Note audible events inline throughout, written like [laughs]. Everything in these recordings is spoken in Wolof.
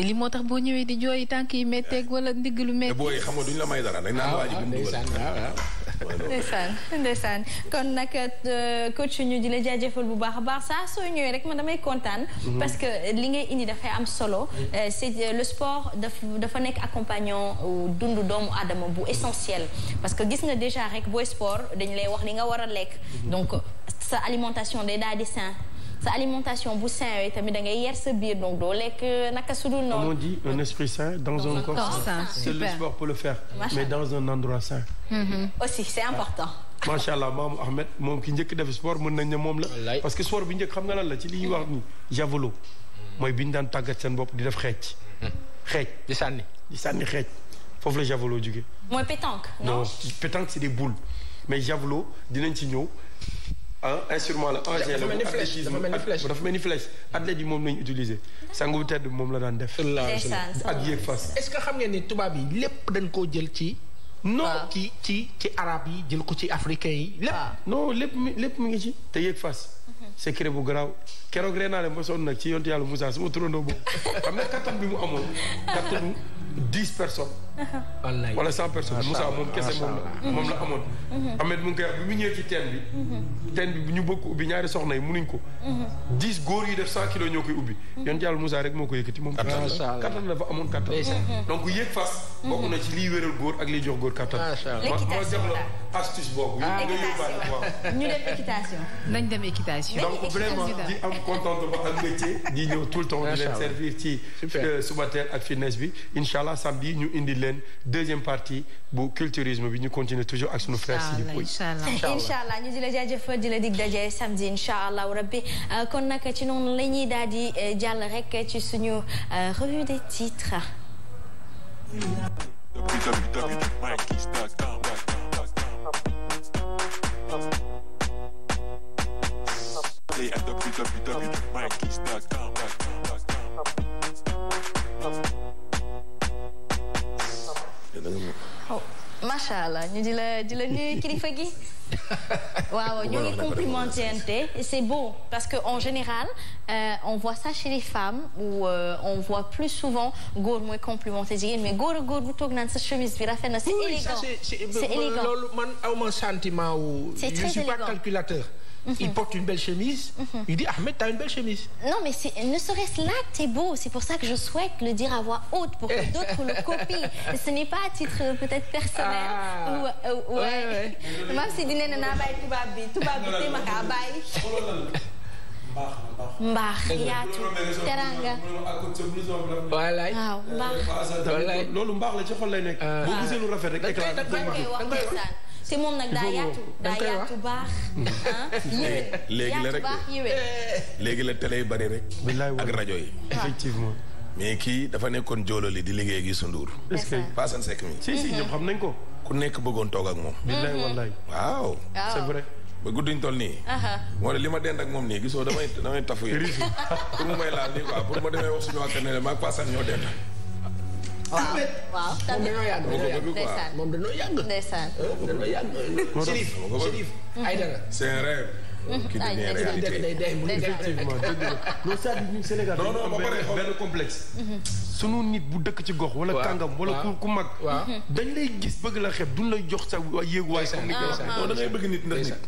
li moo tax boo ñëwee di jooyi tànk yi métteeg wala ndigg lu métti. booy xam nga duñ la may dara dañ naan waa bi mu dugal ndeysaan kon nag euh, coach ñu di la jaajëfal bu baax a baax saa soo ñëwee rek man damay kontaan. Mhm. parce que li ngay indi dafay am solo. Mhm. Euh, c'est euh, le sport dafa nekk accompagnant dundu doomu aadama bu essentiel parce que gis nga déjà rek booy sport dañ lay wax li nga war a lekk mhm. donc sa alimentation day daal di sa alimentation bu sain yooyu tamit da ngay yer sa biir donc lekk naka su dul noonu. on dit un esprit sain dans, dans un, un corps, corps sain. c'est le sport pour le faire. mais dans un endroit sain. Mm-hmm. aussi c'est important. Ah. macha allah Ahmed moom ki njëkk def sport mën nañ ne moom la. parce que sport bi njëkk xam nga la ci li ñuy wax nii javelot. mooy bi ñu daan tàggat seen bopp di def xeec. Mm-hmm. xeec di sànni di sànni xeec foofu la javelot jógee. mooy pétanque non non pétanque c'est des boules mais javelot dinañ ci ñëw. ah instrument la engin la bu athlétisme dafa mel ni flèche athlète yi moom la ñu utiliser sangu bu tedd moom la daan def. ak yéeg fas. est-ce que xam ne ni tubaab yi lépp dañ koo jël ci. non ci ci ci arabe yi jël ko ci africain yi. lépp non lépp mi lépp mu ngi ci. te yéeg fas. Mhm. secret bu garaaw keroog ree naa leen ba sonn nag ci yontu yàlla Moussa su ma turandoo boobu xam nga kattan bi mu amoon kattanu dix personnes. [laughs] wallaay wala cent personnes Moussa moom kese moom la moom la amoon mm-hmm. Ahmed mu koy wax bi mu ñëwee ci teen bi mm-hmm. teen bi ñu bokk ko ubbi ñaari soxna yi munuñ ko mm-hmm. dix góor yi def cent kilos ñoo koy ubbi yoon jàll Moussa rek moo ko yëkkati moom kattan la dafa amoon kattan donc wéral góor ak liy jox góor kattan ma jox la astuce boobu nga yóbbaale waaw [laughs] ñu dem équitation nañ dem équitation donc vraiment di am contentement ak métier di ñëw tout le temps di leen servir ci euh, suba teel ak fitness bi incha allah samedi ñu indi leen deuxième partie bu culturisme bi ñu continuer toujours ak sunu frère Sidi Pouy incha allah ñu di la jaajëfal di la dig daje samedi incha allah rabbi kon nag ci noonu la ñuy daal di jàll rek ci suñu revue des titres www.mikeys.com macha allah ñu di la di la nuyu kilifa gi waaw ñu ngi complimenté c'est beau parce que en général euh, on voit ça chez les femmes où euh, on voit plus souvent góor mooy complimenté mais góor a góor bu toog sa chemise bi rafet na c'est élégant c'est euh, élégant loolu man awma sentiment wu je il mhm. porte une belle chemise. Mhm. il dit Ahmed t'as une belle chemise. non mais c'est ne serait-ce là t'es beau c'est pour ça que je souhaite le dire à voix haute pour que eh. d'autres le copient [laughs] ce n'est pas à titre euh, peut-être personnel. Ah. Euh, ou ouais maam si dina ne naa bàyyi tubaab bi tubaab bi tey ma kaa bàyyi. mbaax mbaax yaatu teranga wallaay waaw mbaax loolu mbaax la ci xol lay nekk. Ah. boo gisee lu rafet rek. te moom nag daa yaatu daa yaatu baax [laughs] léegi rek léegi la tele yu bari rek ak rajo yi effectivement mais kii dafa nekkoon joololi di liggéey gi sunduur Fassane Seck mi si si ñoom xam nañ ko ku nekk bëggoon toog ak moom billaay mhm. wallaay waaw c'est vrai ba guddiñ toll nii moo ne li ma dend ak moom nii gisoo damay damay tafu yi pour mu may laal nii quoi pour ma demee wax suñu wàkk ne maag Fassane ñoo dend waaw waaw moom dañoo yàgg moom dañoo yàgg. ndeysaan moom dañoo yàgg. Chérif Chérif Aïdara. c'est un rêve. qui mmh. devient réalité non non benn complexe. Mmh. sunu nit bu dëkk ci gox. wala kàngam wala ku ku mag. dañ lay gis bëgg la xeeb duñ lay jox sa yéeguwaay. comme ni ko waxee da ngay bëgg nit ndax nit.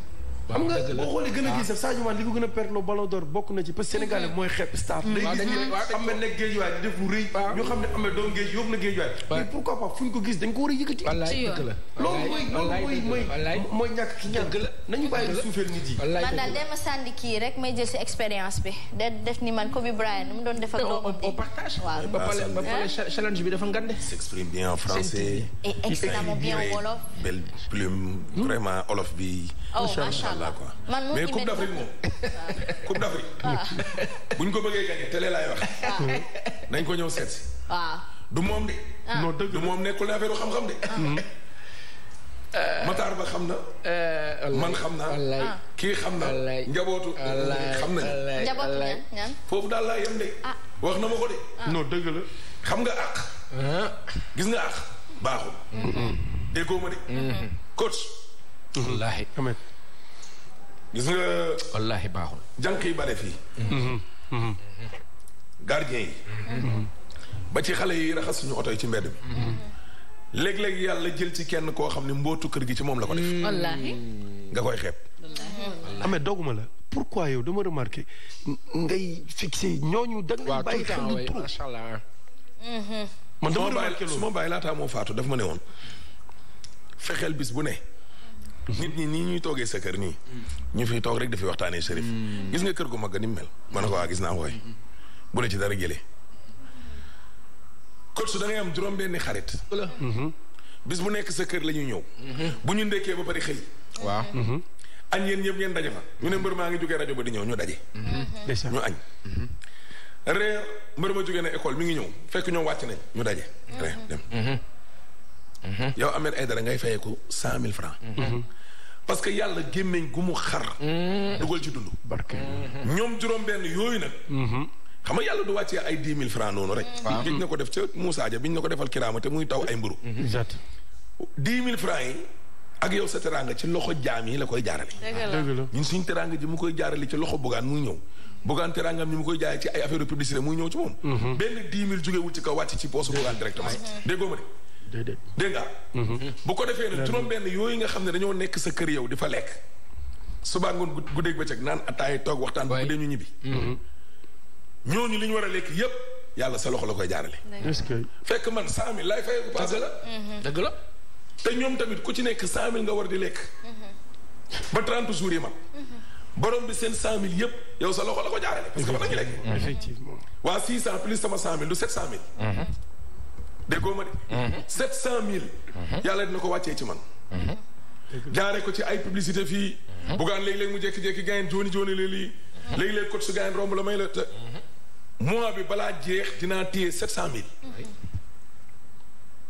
xam nga boo xoolee gën a gis sax Sadio Mané li ko gën a perte le ballon d'or bokk na ci parce que Sénégal mooy xeeb star. Mm. waaw dañuy am na nekk géej waay di def lu rëy. ñu xam ne am na doom géej yóbbu na géej waay. mais pourquoi pas fu ñu ko gis dañ ko war a yëkkati. wallaay dëgg la loolu mooy loolu mooy mooy mooy ñàkk ki ñàkk la nañu bàyyi di suufeel nit yi. wallaay man daal dama sànni kii rek may jël si expérience bi da def ni man Kobe Bryant nu mu doon def ak doomam di. on partage waaw ba pare ba pare challenge bi dafa ngande. s'exprime bien en français. et extrêmement bien wolof. belle plume hmm? vraiment wolof bi. Oh, macha allah allah quoi mais coupe d'Afrique moom coupe d'Afrique ko bëggee gagné télé laay wax nañ ko ñëw seet si du moom de ah. non dëgg du moom nekkul ne affaire xam-xam de ah. hmm. euh, Matar xam na. Euh, man xam naa. Ah. kii xam na njabootu. xam nañu. daal wax na ma dëgg la. xam nga àq. gis nga àq baaxul. Mm-hmm. déggoo ma de. Mm-hmm. coach. wallaahi. gis nga. wallaahi baaxul. jànq yi bare fii. Mhm. Mhm. gardien yi. Mhm. ba ci xale yi raxas suñu oto yi ci mbedd bi. léeg-léeg yàlla jël ci kenn koo xam ne mbootu kër gi ci moom la ko def. nga koy xeeb. amee doguma la pourquoi yow dama remarqué ngay fixé ñooñu da nga bàyyi xel lu trop macha allah man dama remarqué loolu su ma bàyyi laataa moo faatu daf ma ne woon fexeel bis bu ne. nit ñi nii ñuy toogee sa kër nii. Mm. ñu fi toog rek dafay waxtaanee Cherif. Mm. gis nga kër gu mag ni mu mel. man ne ko waa ah, gis naa koy. Mm-hmm. bu la ci dara jëlee. coach su da am juróom-benni xarit. Mm-hmm. bis bu nekk sa kër lañuy ñëw. Mm-hmm. bu ñu ndekkee ba pare xëy. waaw. añ yéen ñëpp ngeen daje ma ñu ne mbër maa ngi jógee rajo ba di ñëw ñu daje. ñu añ. reer mbër ma jógee na école mi ngi ñëw fekk ñoo wàcc nañ ñu daje. Mm-hmm. yow Ahmed dara ngay fayeeku cent mille francs mm-hmm. parce que yàlla gémmiñ gu mu xar mm-hmm. dugal ci dund barke ñoom juróom-benn yooyu nag xam nga yàlla du wàccee ay dix mille francs noonu rek biñ na ko def ca Moussa Dia biñ na ko defal kiraama te muy taw ay mburu dix mille francs yi ak yow sa teraanga ci loxo jaam yi la koy jaarale ah, ñun suñu teraanga ji mu koy jaarale ci loxo bugaan muy ñëw bugaan teraangam ñi mu koy jaay ci ay affaire publicité muy ñëw ci moom benn dix mille wàcc ci poosu bugaan directement déggoo déedéet dégg nga. Mm-hmm. bu ko defee nag juróom-benn yooyu nga xam ne dañoo nekk sa kër yow di fa lekk. suba ngoon guddeeg bëccëg naan ataay toog waxtaan. bu dee ñu ñibbi. Mm-hmm. ñooñu li ñu war a lekk yépp yàlla sa loxo la koy jaarale. est-ce que fekk man cent mille laay fay bu paase la. Mm-hmm. dëgg la. te ñoom tamit ku ci nekk cent mille nga war di lekk. ba trente jours yi ma borom bi seen cent mille yépp yow sa loxo la ko jaarale. parce que fa la ñu lekk. effectivement waa six cent plus sama cent mille du sept cent mille. déggoo ma de. 700000. Mhm. Mhm. yàlla dina ko wàccee ci man. Mhm. jaaree ko ci ay publicité fii. bugaan léeg-léeg mu jekki jékki gaayen jooni jooni la lii. léeg-léeg kot su gaayen romb la may la te. mois bi balaa jeex dinaa téye 700000.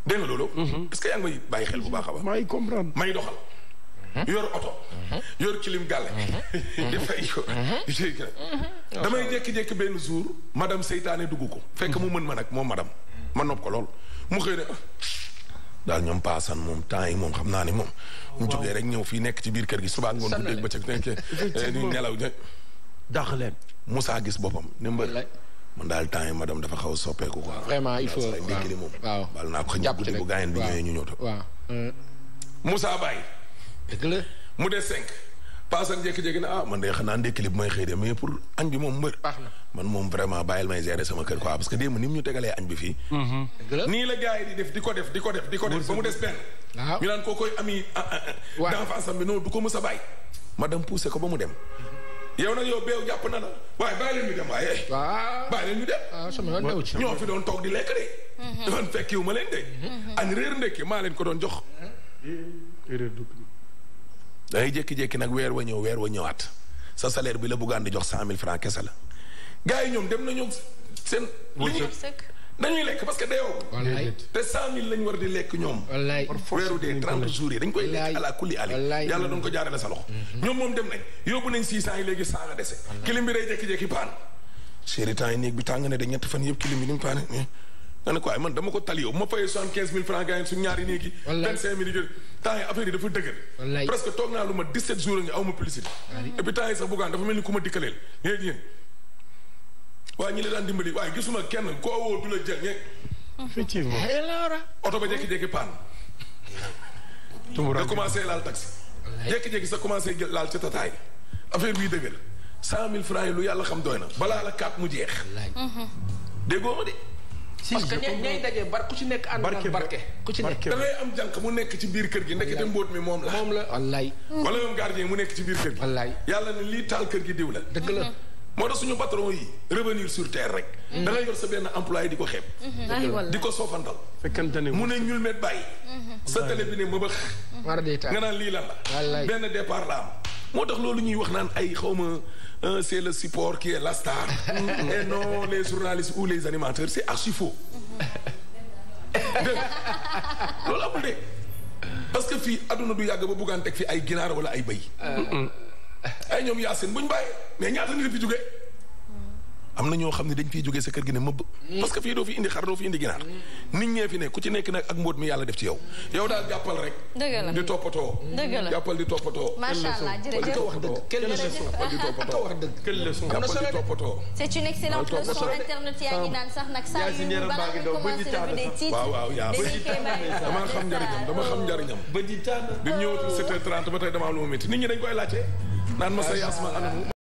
dégg nga loolu. est que yaa ngi may bàyyi xel bu baax a baax. may comprendre may doxal. yor oto. yor kilim gàlle. [laughs] di fay ko. damay jékki-jékki benn jour. madame seytaane dugg ko. fekk mu mën ma nag moom madame. man nopp ko lool mu xëy ne daal ñoom paasan moom temps yi moom xam naa ne moom. mu rek ñëw fii nekk ci biir kër gi suba ngoon bu dégg ba ca nekkee [laughs] eh, di nelaw ja dàq leen Moussa gis boppam ne mbër man daal temps yi madame dafa xaw a soppeeku quoi. vraiment il faut moom. waaw naa ko xëy guddi bu gaayen bi ñëwee ñu ñëw. waaw euh. Moussa paasan jékki-jékki ne ah man de xanaa ndékki li bu may xëy de mais pour añ bi moom mbër man moom vraiment bàyyil may gérer sama kër quoi parce que démb ni mu ñu tegalee añ bi fii mm-hmm. nii la gars di def di ko def di ko def di ko def ba mu koo koy ami ah, ah, ah, d'enfance am bi noonu du ko mës a bàyyi ma dem poussé ko ba mu dem mm-hmm. yow nag yow beew jàpp na la waaye bàyyi leen ñu dem waaye bàyyi leen ñu dem ñoo fi doon toog di lekk de mm-hmm. doon fekkiwu ma leen de añ réer ndékki maa leen ko doon jox eh? Eh, da ngay jékki-jékki nag weer wa ñëw weer wa ñëwaat sa salaire bi la buggaan di jox cent mille francs la gars yi ñoom dem nañu seen. li ñu dañuy lekk ñoom. wallaay weeru dañ koy lekk ala kulli ali. yàlla doon ko jaarale sa loxo. Mhm. ñoom moom dem nañ yóbbu nañ six yi léegi cent la dese. kilim bi day jékki-jékki paan. chéri temps yi néeg bi tàng na de ñett fan yëpp kilim bi ni mu nga ne quoi man dama ko tali yow ma fayee soixante quinze mille franc gars yi suñu ñaari néegi. yi temps yi yi dafa dëgër. presque toog naa lu ma 17 jours nga aw ma publicité. et puis buggaan dafa mel ni ku ma dikkaleel léegi yéen. waa ñi la daan dimbali waaye gisuma kenn koo woo du la jël ñe. effectivement oto ba jékki-jékki paan. tumuraan nga commencé laal taxi. wallaay jékki-jékki sa commencé laal ca tataay affaire bii dëgër cent mille franc yi lu yàlla xam doy na balaa mu jeex. déggoo ma de. si parce que ñay dajee bar ku ci nekk ànd na barke ku ci am jànk mu nekk ci biir kër gi ndekete mbóot mi moom la moom la wallaay wala yoom gardien mu nekk ci biir kër gi wallaay yàlla ne lii taal kër gi diw la dëgg la mm-hmm. moo tax suñu patron yi revenir sur terre rek mm-hmm. da ngay yor sa benn employé di ko xeeb mm-hmm. di ko soofantal mu ne ñul met bàyyi sa télé bi ne mëbëx nga naan lii lan la benn départ la am moo tax loolu ñuy wax naan ay xawma euh, c'est le support qui est la star [laughs] et non les journalistes ou les animateurs c'est archi faux dégg loolu amul de parce que fii àdduna du yàgg ba buggaan teg fi ay ginaar wala ay bëy euh. ay ñoom Yacine bu ñu bàyyee mais ñaata nit fi jógee am na ñoo xam ne dañ fiy jógee sa kër gi ne mëbb mm. parce que fii doo fi indi xar doo fi indi ginaar mm. nit ñee fi ne ku ci nekk nag ak mbóot mi yàlla def ci yow yow daal jàppal rek di toppatoo jàppal di toppatoo macha allah jërëjëf wax dëgg kenn di toppatoo wax dëgg kenn leçon jàppal di toppatoo c'est une excellente leçon internet yaa ngi naan sax nag saa balaa ñu commencé waaw waaw yaa dama xam njariñam dama xam ba di taan bi ñëw 7h30 ba tey lu ma métti nit ñi dañ koy laajte naan ma sa yaas ma